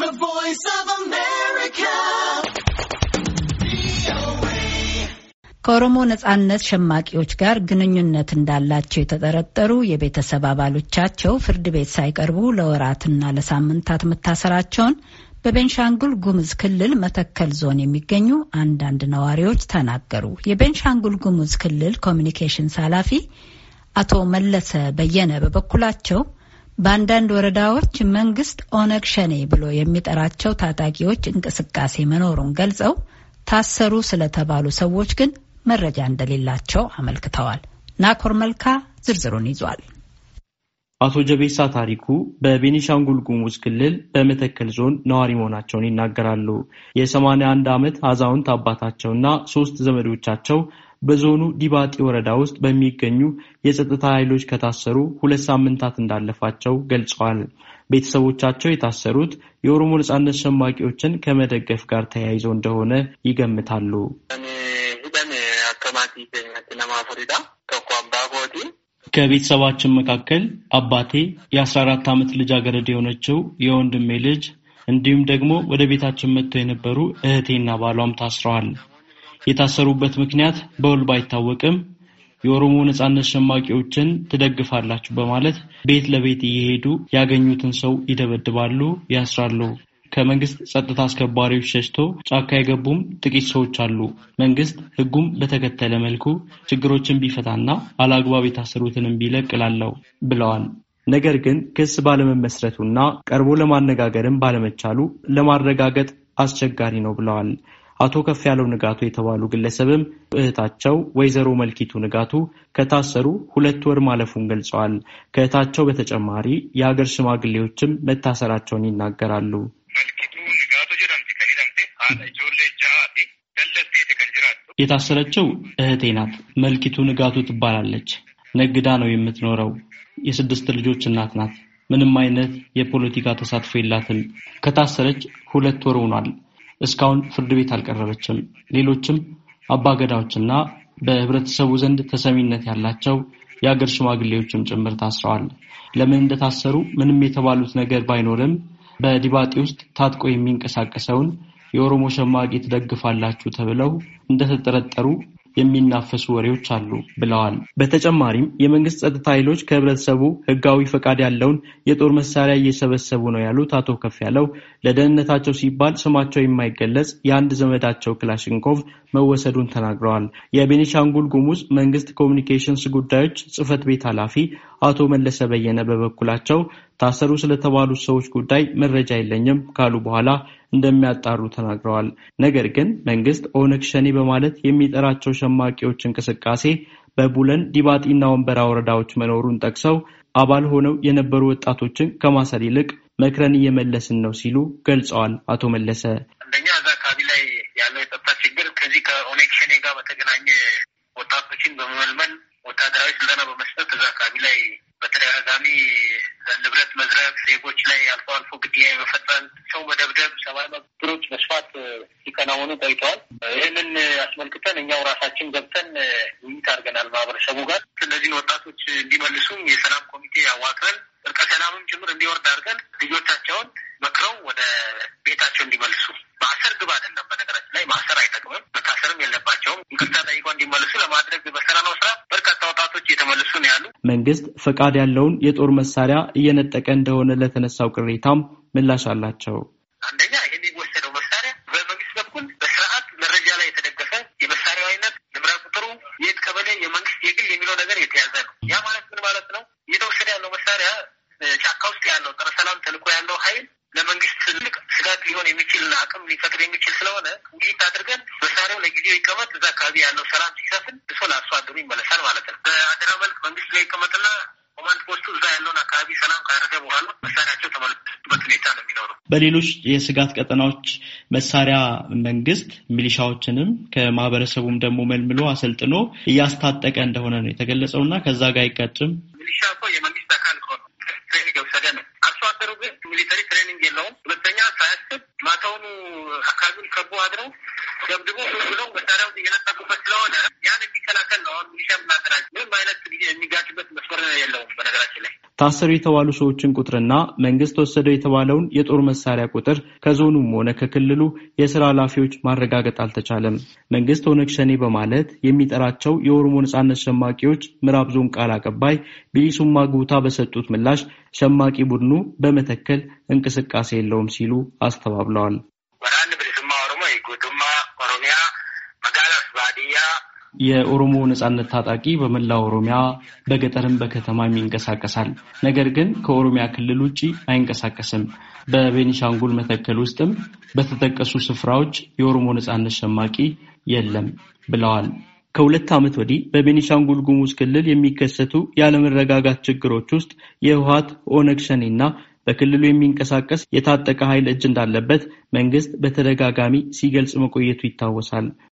The Voice of America. ከኦሮሞ ነጻነት ሸማቂዎች ጋር ግንኙነት እንዳላቸው የተጠረጠሩ የቤተሰብ አባሎቻቸው ፍርድ ቤት ሳይቀርቡ ለወራትና ለሳምንታት መታሰራቸውን በቤንሻንጉል ጉሙዝ ክልል መተከል ዞን የሚገኙ አንዳንድ ነዋሪዎች ተናገሩ። የቤንሻንጉል ጉሙዝ ክልል ኮሚኒኬሽንስ ኃላፊ አቶ መለሰ በየነ በበኩላቸው በአንዳንድ ወረዳዎች መንግስት ኦነግ ሸኔ ብሎ የሚጠራቸው ታጣቂዎች እንቅስቃሴ መኖሩን ገልጸው ታሰሩ ስለተባሉ ሰዎች ግን መረጃ እንደሌላቸው አመልክተዋል። ናኮር መልካ ዝርዝሩን ይዟል። አቶ ጀቤሳ ታሪኩ በቤኒሻንጉል ጉሙዝ ክልል በመተከል ዞን ነዋሪ መሆናቸውን ይናገራሉ። የሰማንያ አንድ ዓመት አዛውንት አባታቸውና ሶስት ዘመዶቻቸው በዞኑ ዲባጢ ወረዳ ውስጥ በሚገኙ የጸጥታ ኃይሎች ከታሰሩ ሁለት ሳምንታት እንዳለፋቸው ገልጸዋል። ቤተሰቦቻቸው የታሰሩት የኦሮሞ ነጻነት ሸማቂዎችን ከመደገፍ ጋር ተያይዞ እንደሆነ ይገምታሉ። ከቤተሰባችን መካከል አባቴ፣ የአስራ አራት ዓመት ልጃገረድ የሆነችው የወንድሜ ልጅ እንዲሁም ደግሞ ወደ ቤታችን መጥተው የነበሩ እህቴና ባሏም ታስረዋል። የታሰሩበት ምክንያት በውል ባይታወቅም የኦሮሞ ነጻነት ሸማቂዎችን ትደግፋላችሁ በማለት ቤት ለቤት እየሄዱ ያገኙትን ሰው ይደበድባሉ፣ ያስራሉ። ከመንግስት ጸጥታ አስከባሪዎች ሸሽቶ ጫካ የገቡም ጥቂት ሰዎች አሉ። መንግስት ህጉም በተከተለ መልኩ ችግሮችን ቢፈታና አላግባብ የታሰሩትንም ቢለቅ እላለሁ ብለዋል። ነገር ግን ክስ ባለመመስረቱና ቀርቦ ለማነጋገርም ባለመቻሉ ለማረጋገጥ አስቸጋሪ ነው ብለዋል። አቶ ከፍ ያለው ንጋቱ የተባሉ ግለሰብም እህታቸው ወይዘሮ መልኪቱ ንጋቱ ከታሰሩ ሁለት ወር ማለፉን ገልጸዋል። ከእህታቸው በተጨማሪ የሀገር ሽማግሌዎችም መታሰራቸውን ይናገራሉ። የታሰረችው እህቴ ናት። መልኪቱ ንጋቱ ትባላለች። ነግዳ ነው የምትኖረው። የስድስት ልጆች እናት ናት። ምንም አይነት የፖለቲካ ተሳትፎ የላትም። ከታሰረች ሁለት ወር ሆኗል። እስካሁን ፍርድ ቤት አልቀረበችም። ሌሎችም አባገዳዎችና በህብረተሰቡ ዘንድ ተሰሚነት ያላቸው የአገር ሽማግሌዎችም ጭምር ታስረዋል። ለምን እንደታሰሩ ምንም የተባሉት ነገር ባይኖርም በዲባጤ ውስጥ ታጥቆ የሚንቀሳቀሰውን የኦሮሞ ሸማቂ ትደግፋላችሁ ተብለው እንደተጠረጠሩ የሚናፈሱ ወሬዎች አሉ ብለዋል። በተጨማሪም የመንግስት ጸጥታ ኃይሎች ከህብረተሰቡ ህጋዊ ፈቃድ ያለውን የጦር መሳሪያ እየሰበሰቡ ነው ያሉት አቶ ከፍ ያለው ለደህንነታቸው ሲባል ስማቸው የማይገለጽ የአንድ ዘመዳቸው ክላሽንኮቭ መወሰዱን ተናግረዋል። የቤኒሻንጉል ጉሙዝ መንግስት ኮሚኒኬሽንስ ጉዳዮች ጽህፈት ቤት ኃላፊ አቶ መለሰ በየነ በበኩላቸው ታሰሩ ስለተባሉ ሰዎች ጉዳይ መረጃ የለኝም ካሉ በኋላ እንደሚያጣሩ ተናግረዋል። ነገር ግን መንግስት ኦነግ ሸኔ በማለት የሚጠራቸው ሸማቂዎች እንቅስቃሴ በቡለን ዲባጢና ወንበራ ወረዳዎች መኖሩን ጠቅሰው አባል ሆነው የነበሩ ወጣቶችን ከማሰር ይልቅ መክረን እየመለስን ነው ሲሉ ገልጸዋል። አቶ መለሰ አንደኛ እዛ አካባቢ ላይ ያለው የጸጥታ ችግር ከዚህ ከኦነግ ሸኔ ጋር በተገናኘ ወጣቶችን በመመልመል ወታደራዊ ስልጠና በመስጠት እዛ አካባቢ ላይ በተደጋጋሚ ንብረት መዝረፍ፣ ዜጎች ላይ አልፎ አልፎ ግድያ የመፈጸም ሰው መደብደብ፣ ሰብአዊ መብቶች በስፋት ሲከናወኑ ቆይተዋል። ይህንን አስመልክተን እኛው ራሳችን ገብተን ውይይት አድርገናል ማህበረሰቡ ጋር። እነዚህን ወጣቶች እንዲመልሱም የሰላም ኮሚቴ አዋቅረን እርቀ ሰላምም ጭምር እንዲወርድ አድርገን ልጆቻቸውን መክረው ወደ ቤታቸው እንዲመልሱ ማሰር ግብ አይደለም። በነገራችን ላይ ማሰር አይጠቅምም፣ መታሰርም የለባቸውም። ይቅርታ ጠይቆ እንዲመልሱ ለማድረግ በሰራ ነው እየተመለሱ ነው ያሉ። መንግስት ፈቃድ ያለውን የጦር መሳሪያ እየነጠቀ እንደሆነ ለተነሳው ቅሬታም ምላሽ አላቸው። አንደኛ ይህን የሚወሰደው መሳሪያ በመንግስት በኩል በስርዓት መረጃ ላይ የተደገፈ የመሳሪያው አይነት፣ ንብረት ቁጥሩ፣ የት ቀበሌ፣ የመንግስት የግል የሚለው ነገር የተያዘ ነው። ያ ማለት ምን ማለት ነው? እየተወሰደ ያለው መሳሪያ ጫካ ውስጥ ያለው ጸረ ሰላም ተልዕኮ ያለው ኃይል ለመንግስት ትልቅ ስጋት ሊሆን የሚችል አቅም ሊፈጥር የሚችል ስለሆነ ውይይት አድርገን መሳሪያው ለጊዜው ይቀመጥ፣ እዛ አካባቢ ያለው ሰላም ሲሰፍን እሶ ለአርሶ አደሩ ይመለሳል ማለት ነው። ይቀመጥና ኮማንድ ፖስቱ እዛ ያለውን አካባቢ ሰላም ካደረገ በኋላ መሳሪያቸው ተመለሱበት ሁኔታ ነው የሚኖረው። በሌሎች የስጋት ቀጠናዎች መሳሪያ መንግስት ሚሊሻዎችንም ከማህበረሰቡም ደግሞ መልምሎ አሰልጥኖ እያስታጠቀ እንደሆነ ነው የተገለጸው እና ከዛ ጋር አይጋጭም። ሚሊሻ እኮ የመንግስት አካል ከሆነ ትሬኒንግ የወሰደ ነው። አርሶ አደሩ ግን ሚሊተሪ ትሬኒንግ የለውም። ሁለተኛ ሳያስብ ማታውኑ አካባቢውን ከቦ አድረው ደብድቦ ሁሉ ነው መሳሪያውን እየነጠቁበት ስለሆነ ያን የሚከላከል ነው። አሁን ሚሊሻ ማደራጅ ምንም አይነት የሚጋጭበት መስመር የለውም። በነገራችን ላይ ታሰሩ የተባሉ ሰዎችን ቁጥርና መንግስት ወሰደው የተባለውን የጦር መሳሪያ ቁጥር ከዞኑም ሆነ ከክልሉ የስራ ኃላፊዎች ማረጋገጥ አልተቻለም። መንግስት ኦነግ ሸኔ በማለት የሚጠራቸው የኦሮሞ ነጻነት ሸማቂዎች ምዕራብ ዞን ቃል አቀባይ ቢሊሱማ ጉታ በሰጡት ምላሽ ሸማቂ ቡድኑ በመተከል እንቅስቃሴ የለውም ሲሉ አስተባብለዋል። ኦሮሞ ጉቱማ ኦሮሚያ መጋለፍ ባዲያ የኦሮሞ ነጻነት ታጣቂ በመላው ኦሮሚያ በገጠርም በከተማም ይንቀሳቀሳል። ነገር ግን ከኦሮሚያ ክልል ውጭ አይንቀሳቀስም። በቤኒሻንጉል መተከል ውስጥም በተጠቀሱ ስፍራዎች የኦሮሞ ነጻነት ሸማቂ የለም ብለዋል። ከሁለት ዓመት ወዲህ በቤኒሻንጉል ጉሙዝ ክልል የሚከሰቱ ያለመረጋጋት ችግሮች ውስጥ የህወሀት ኦነግ ሸኔና በክልሉ የሚንቀሳቀስ የታጠቀ ኃይል እጅ እንዳለበት መንግስት በተደጋጋሚ ሲገልጽ መቆየቱ ይታወሳል።